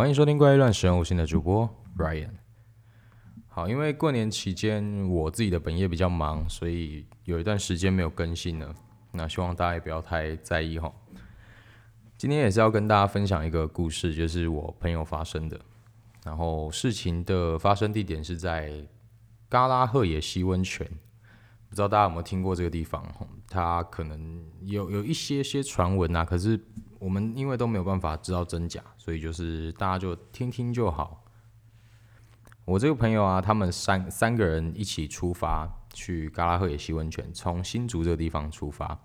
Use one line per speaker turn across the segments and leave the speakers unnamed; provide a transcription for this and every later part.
歡迎收聽《怪異亂神》，我是你的主播 Ryan。好，因為過年期間我自己的本業比較忙，所以有一段時間沒有更新了。那希望大家也不要太在意哈。今天也是要跟大家分享一個故事，就是我朋友發生的。然後事情的發生地點是在嘎拉賀野溪溫泉，不知道大家有沒有聽過這個地方？它可能有有一些些傳聞啊，可是，我們因為都沒有辦法知道真假，所以就是大家就聽聽就好。我這個朋友啊，他們三三個人一起出發去嘎拉賀野溪溫泉，從新竹這個地方出發，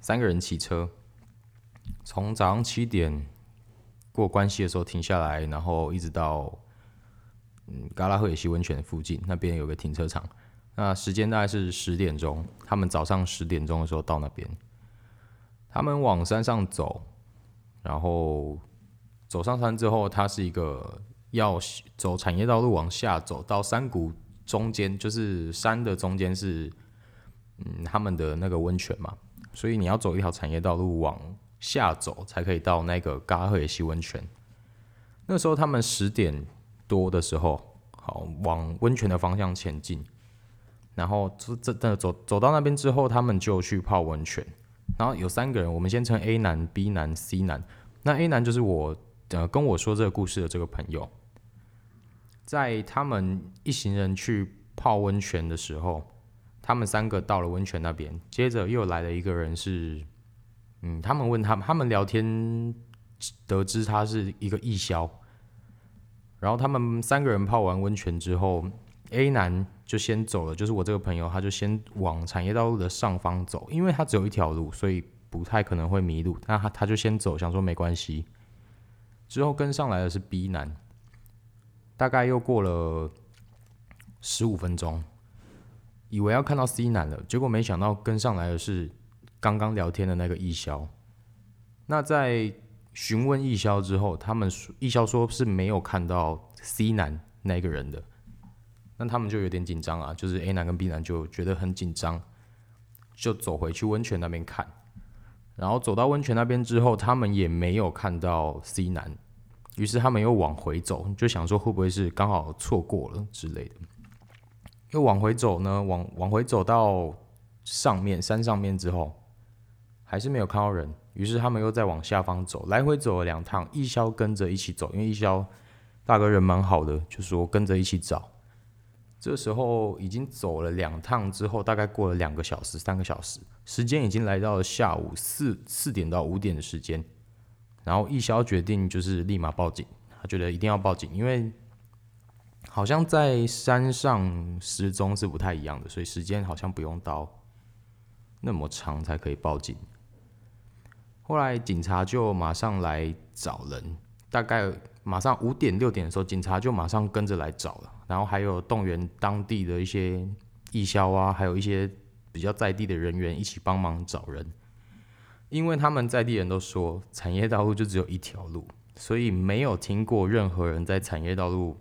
三個人騎車，從早上七點過關西的時候停下來，然後一直到嗯，嘎拉賀野溪溫泉附近那邊有個停車場。那時間大概是十點鐘，他們早上十點鐘的時候到那邊，他們往山上走，然後走上山之後，它是一個要走產業道路往下走到山谷中間，就是山的中間是嗯他們的那個溫泉嘛，所以你要走一條產業道路往下走，才可以到那個嘎拉賀野溪溫泉。那時候他們十點多的時候，好往溫泉的方向前進，然後這這這走走到那邊之後，他們就去泡溫泉。然後有三個人，我們先稱 A 男、B 男、C 男。那 A 男就是我，呃，跟我說這個故事的這個朋友。在他們一行人去泡溫泉的時候，他們三個到了溫泉那邊，接着又來了一個人是，是嗯，他們問他，他們聊天得知他是一個藝銷。然後他們三個人泡完溫泉之後，A 男就先走了，就是我這個朋友，他就先往產業道路的上方走，因為他只有一條路，所以不太可能會迷路。那他他就先走，想說沒關係。之後跟上來的是 B 男，大概又過了十五分鐘，以為要看到 C 男了，結果沒想到跟上來的是剛剛聊天的那個易瀟。那在詢問易瀟之後，他們易瀟說是沒有看到 C 男那個人的。那他們就有點緊張啊，就是 A 男跟 B 男就覺得很緊張，就走回去溫泉那邊看。然後走到溫泉那邊之後，他們也沒有看到 C 男，於是他們又往回走，就想說會不會是剛好錯過了之類的。又往回走呢，往往回走到上面，山上面之後，還是沒有看到人，於是他們又再往下方走，來回走了兩趟。一肖跟着一起走，因為一肖大哥人蠻好的，就說跟着一起找。這時候已經走了兩趟之後，大概過了兩個小時、三個小時，時間已經來到了下午四四點到五點的時間。然後易瀟決定就是立馬報警，他覺得一定要報警，因為好像在山上失蹤是不太一樣的，所以時間好像不用到那麼長才可以報警。後來警察就馬上來找人，大概馬上五點六點的時候，警察就馬上跟着來找了。然後還有動員當地的一些義消啊，還有一些比較在地的人員一起幫忙找人，因為他們在地人都說產業道路就只有一條路，所以沒有聽過任何人在產業道路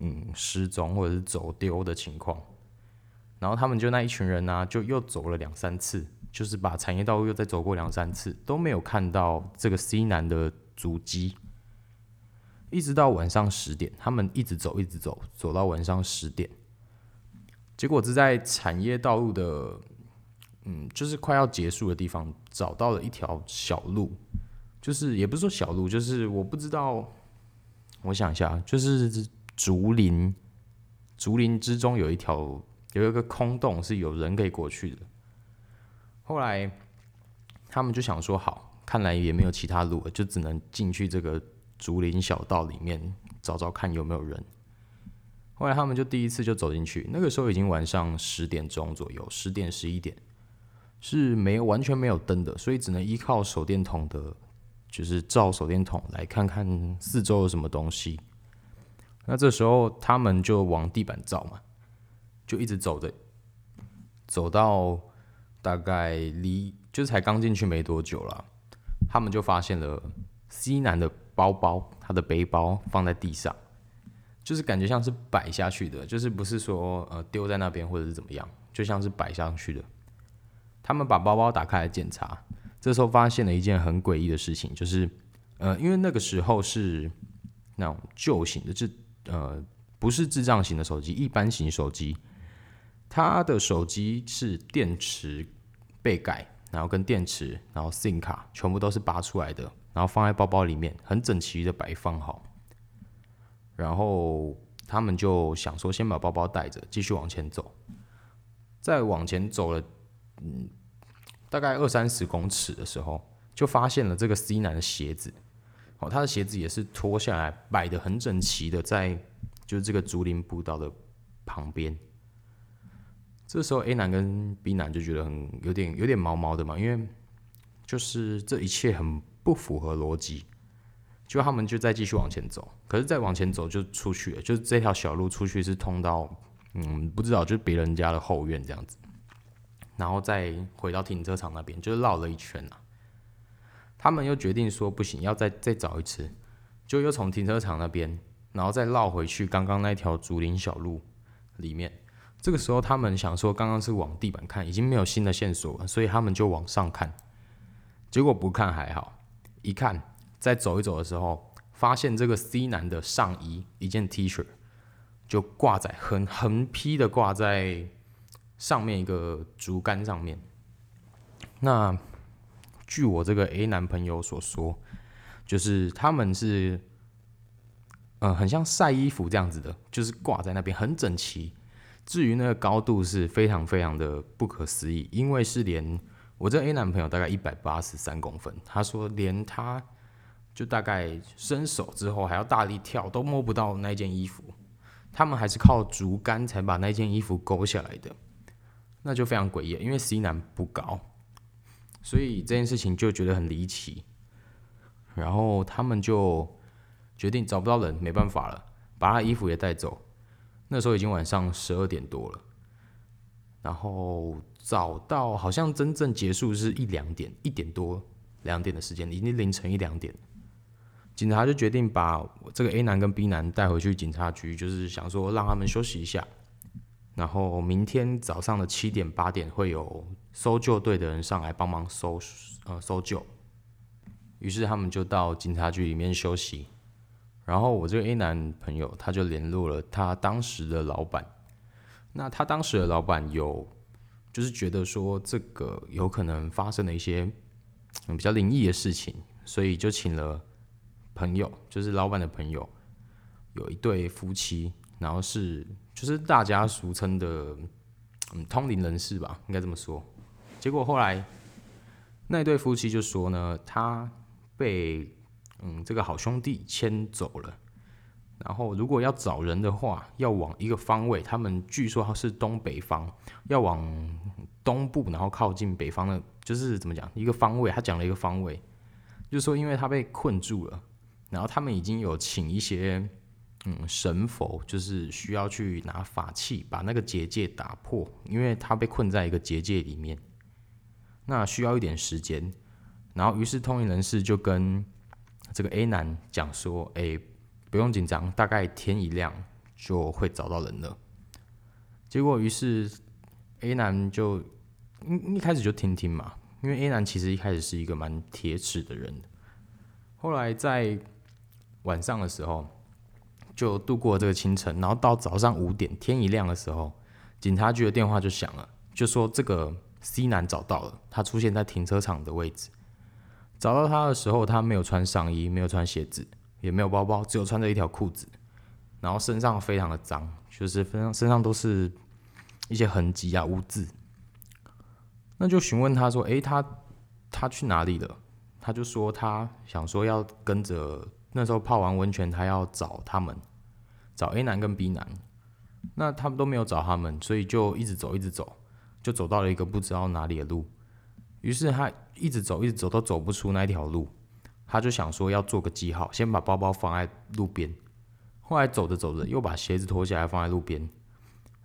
嗯失蹤或者是走丟的情況。然後他們就那一群人呢、啊，就又走了兩三次，就是把產業道路又再走過兩三次，都沒有看到這個 C 男的足跡。一直到晚上十點，他們一直走，一直走，走到晚上十點，結果是在產業道路的，嗯，就是快要結束的地方，找到了一條小路，就是也不是說小路，就是我不知道，我想一下，就是竹林，竹林之中有一條，有一個空洞，是有人可以過去的。後來他們就想說，好，看來也沒有其他路了，就只能進去這個。竹林小道裡面找找看有沒有人。後來他們就第一次就走進去，那個時候已經晚上十點鐘左右，十點十一點，是沒有完全沒有燈的，所以只能依靠手電筒的，就是照手電筒來看看四周有什麼東西。那這時候他們就往地板照嘛，就一直走着，走到大概離就是才剛進去沒多久了，他們就發現了。C 男的包包，他的背包放在地上，就是感覺像是擺下去的，就是不是說呃丟在那邊或者是怎麼樣，就像是擺上去的。他們把包包打開來檢查，這時候發現了一件很詭異的事情，就是呃，因為那個時候是那種舊型的智呃不是智障型的手機，一般型手機，他的手機是電池背蓋，然後跟電池，然後 SIM 卡全部都是拔出來的。然後放在包包裡面，很整齊的擺放好。然後他們就想說，先把包包帶着，繼續往前走。再往前走了，嗯，大概二三十公尺的時候，就發現了這個 C 男的鞋子。哦，他的鞋子也是脫下來，擺得很整齊的，在就是這個竹林步道的旁邊。這時候 A 男跟 B 男就覺得很有點有點毛毛的嘛，因為就是這一切很。不符合邏輯，就他們就再繼續往前走，可是再往前走就出去了，就是這條小路出去是通到，嗯，不知道就是別人家的後院這樣子，然後再回到停車場那邊，就是繞了一圈啊。他們又決定說不行，要再再找一次，就又從停車場那邊，然後再繞回去剛剛那條竹林小路裡面。這個時候他們想說，剛剛是往地板看，已經沒有新的線索了，所以他們就往上看，結果不看還好。一看，在走一走的時候，發現這個 C 男的上衣一件 T 恤，shirt，就掛在橫橫批的掛在上面一個竹竿上面。那據我這個 A 男朋友所說，就是他們是，嗯、呃，很像曬衣服這樣子的，就是掛在那邊很整齊。至於那個高度是非常非常的不可思議，因為是連。我這 A 男朋友大概一百八十三公分，他說連他就大概伸手之後還要大力跳都摸不到那件衣服，他們還是靠竹竿才把那件衣服勾下來的，那就非常詭異，因為 C 男不高，所以這件事情就覺得很離奇，然後他們就決定找不到人沒辦法了，把他衣服也帶走，那時候已經晚上十二點多了，然後。找到好像真正結束是一兩點，一點多，兩點的時間，已經凌晨一兩點，警察就決定把我這個 A 男跟 B 男帶回去警察局，就是想說讓他們休息一下，然後明天早上的七點八點會有搜救隊的人上來幫忙搜呃搜救，於是他們就到警察局裡面休息，然後我這個 A 男朋友他就聯絡了他當時的老板，那他當時的老板有。就是覺得說這個有可能發生了一些嗯比較靈異的事情，所以就請了朋友，就是老闆的朋友，有一對夫妻，然後是就是大家俗稱的嗯通靈人士吧，應該這麼說。結果後來那對夫妻就說呢，他被嗯這個好兄弟牽走了。然後，如果要找人的話，要往一個方位。他們據說他是東北方，要往東部，然後靠近北方的，就是怎麼講一個方位。他講了一個方位，就是說，因為他被困住了，然後他們已經有請一些嗯神佛，就是需要去拿法器把那個結界打破，因為他被困在一個結界裡面，那需要一點時間。然後，於是通靈人士就跟這個 A 男講說：“誒不用緊張，大概天一亮就會找到人了。結果，於是 A 男就一一開始就聽聽嘛，因為 A 男其實一開始是一個蠻鐵齒的人。後來在晚上的時候就度過了這個清晨，然後到早上五點，天一亮的時候，警察局的電話就響了，就說這個 C 男找到了，他出現在停車場的位置。找到他的時候，他沒有穿上衣，沒有穿鞋子。也沒有包包，只有穿着一條褲子，然後身上非常的髒，就是身上身上都是一些痕跡啊污漬。那就詢問他說：“誒、欸，他他去哪裡了？”他就說：“他想說要跟着那時候泡完溫泉，他要找他們，找 A 男跟 B 男。那他們都沒有找他們，所以就一直走，一直走，就走到了一個不知道哪裡的路。於是他一直走，一直走，都走不出那一條路。”他就想說要做個記號，先把包包放在路邊，後來走着走着又把鞋子脫下來放在路邊，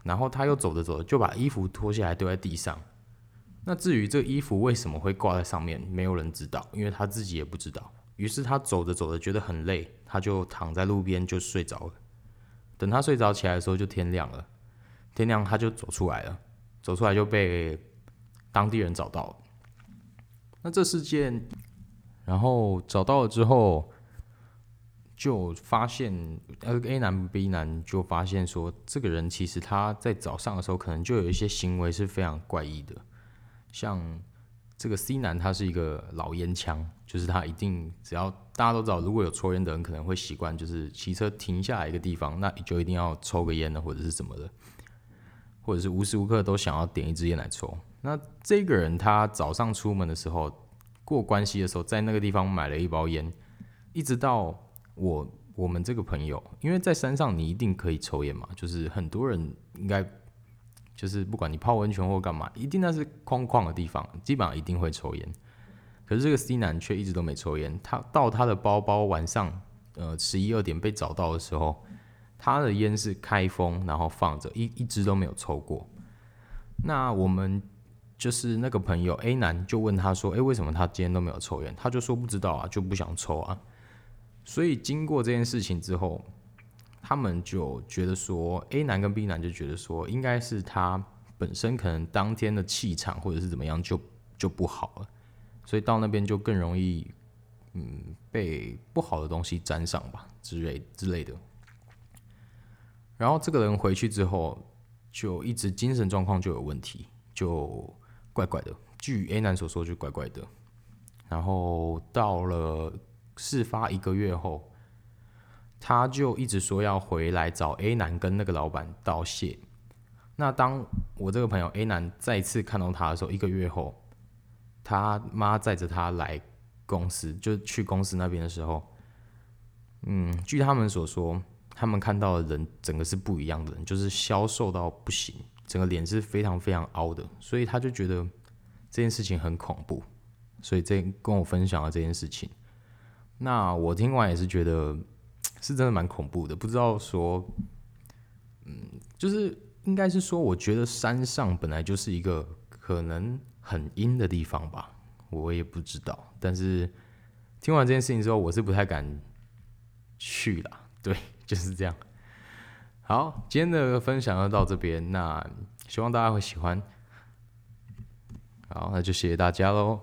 然後他又走着走着就把衣服脫下來丟在地上。那至於這個衣服為什麼會掛在上面，沒有人知道，因為他自己也不知道。於是他走着走着覺得很累，他就躺在路邊就睡着了。等他睡着起來的時候就天亮了，天亮他就走出來了，走出來就被當地人找到了。那這事件。然後找到了之後，就發現呃 A 男 B 男就發現說，這個人其實他在早上的時候，可能就有一些行為是非常怪異的。像這個 C 男，他是一個老煙槍，就是他一定只要大家都知道，如果有抽煙的人，可能會習慣就是騎車停下來一個地方，那你就一定要抽個煙的，或者是什麼的，或者是無時無刻都想要點一支煙來抽。那這個人他早上出門的時候。過關系的時候，在那個地方買了一包煙，一直到我我們這個朋友，因為在山上你一定可以抽煙嘛，就是很多人應該就是不管你泡溫泉或幹嘛，一定那是空曠的地方，基本上一定會抽煙。可是這個 C 男卻一直都沒抽煙。他到他的包包晚上呃十一二點被找到的時候，他的煙是開封，然後放着一一支都沒有抽過。那我們。就是那個朋友 A 男就問他說：“誒，為什麼他今天都沒有抽煙？”他就說：“不知道啊，就不想抽啊。”所以經過這件事情之後，他們就覺得說 A 男跟 B 男就覺得說，應該是他本身可能當天的氣場或者是怎麼樣就就不好了，所以到那邊就更容易嗯被不好的東西沾上吧之類之類的。然後這個人回去之後就一直精神狀況就有問題就。怪怪的，據 A 男所說就怪怪的。然後到了事發一個月後，他就一直說要回來找 A 男跟那個老闆道謝。那當我這個朋友 A 男再次看到他的時候，一個月後，他媽載着他來公司，就去公司那邊的時候，嗯，據他們所說，他們看到的人整個是不一樣的人，就是消瘦到不行。整個臉是非常非常凹的，所以他就覺得這件事情很恐怖，所以這跟我分享了這件事情。那我聽完也是覺得是真的蠻恐怖的，不知道說，嗯，就是應該是說，我覺得山上本來就是一個可能很陰的地方吧，我也不知道。但是聽完這件事情之後，我是不太敢去啦。對，就是這樣。好，今天的分享就到這邊，那希望大家會喜歡。好，那就謝謝大家嘍。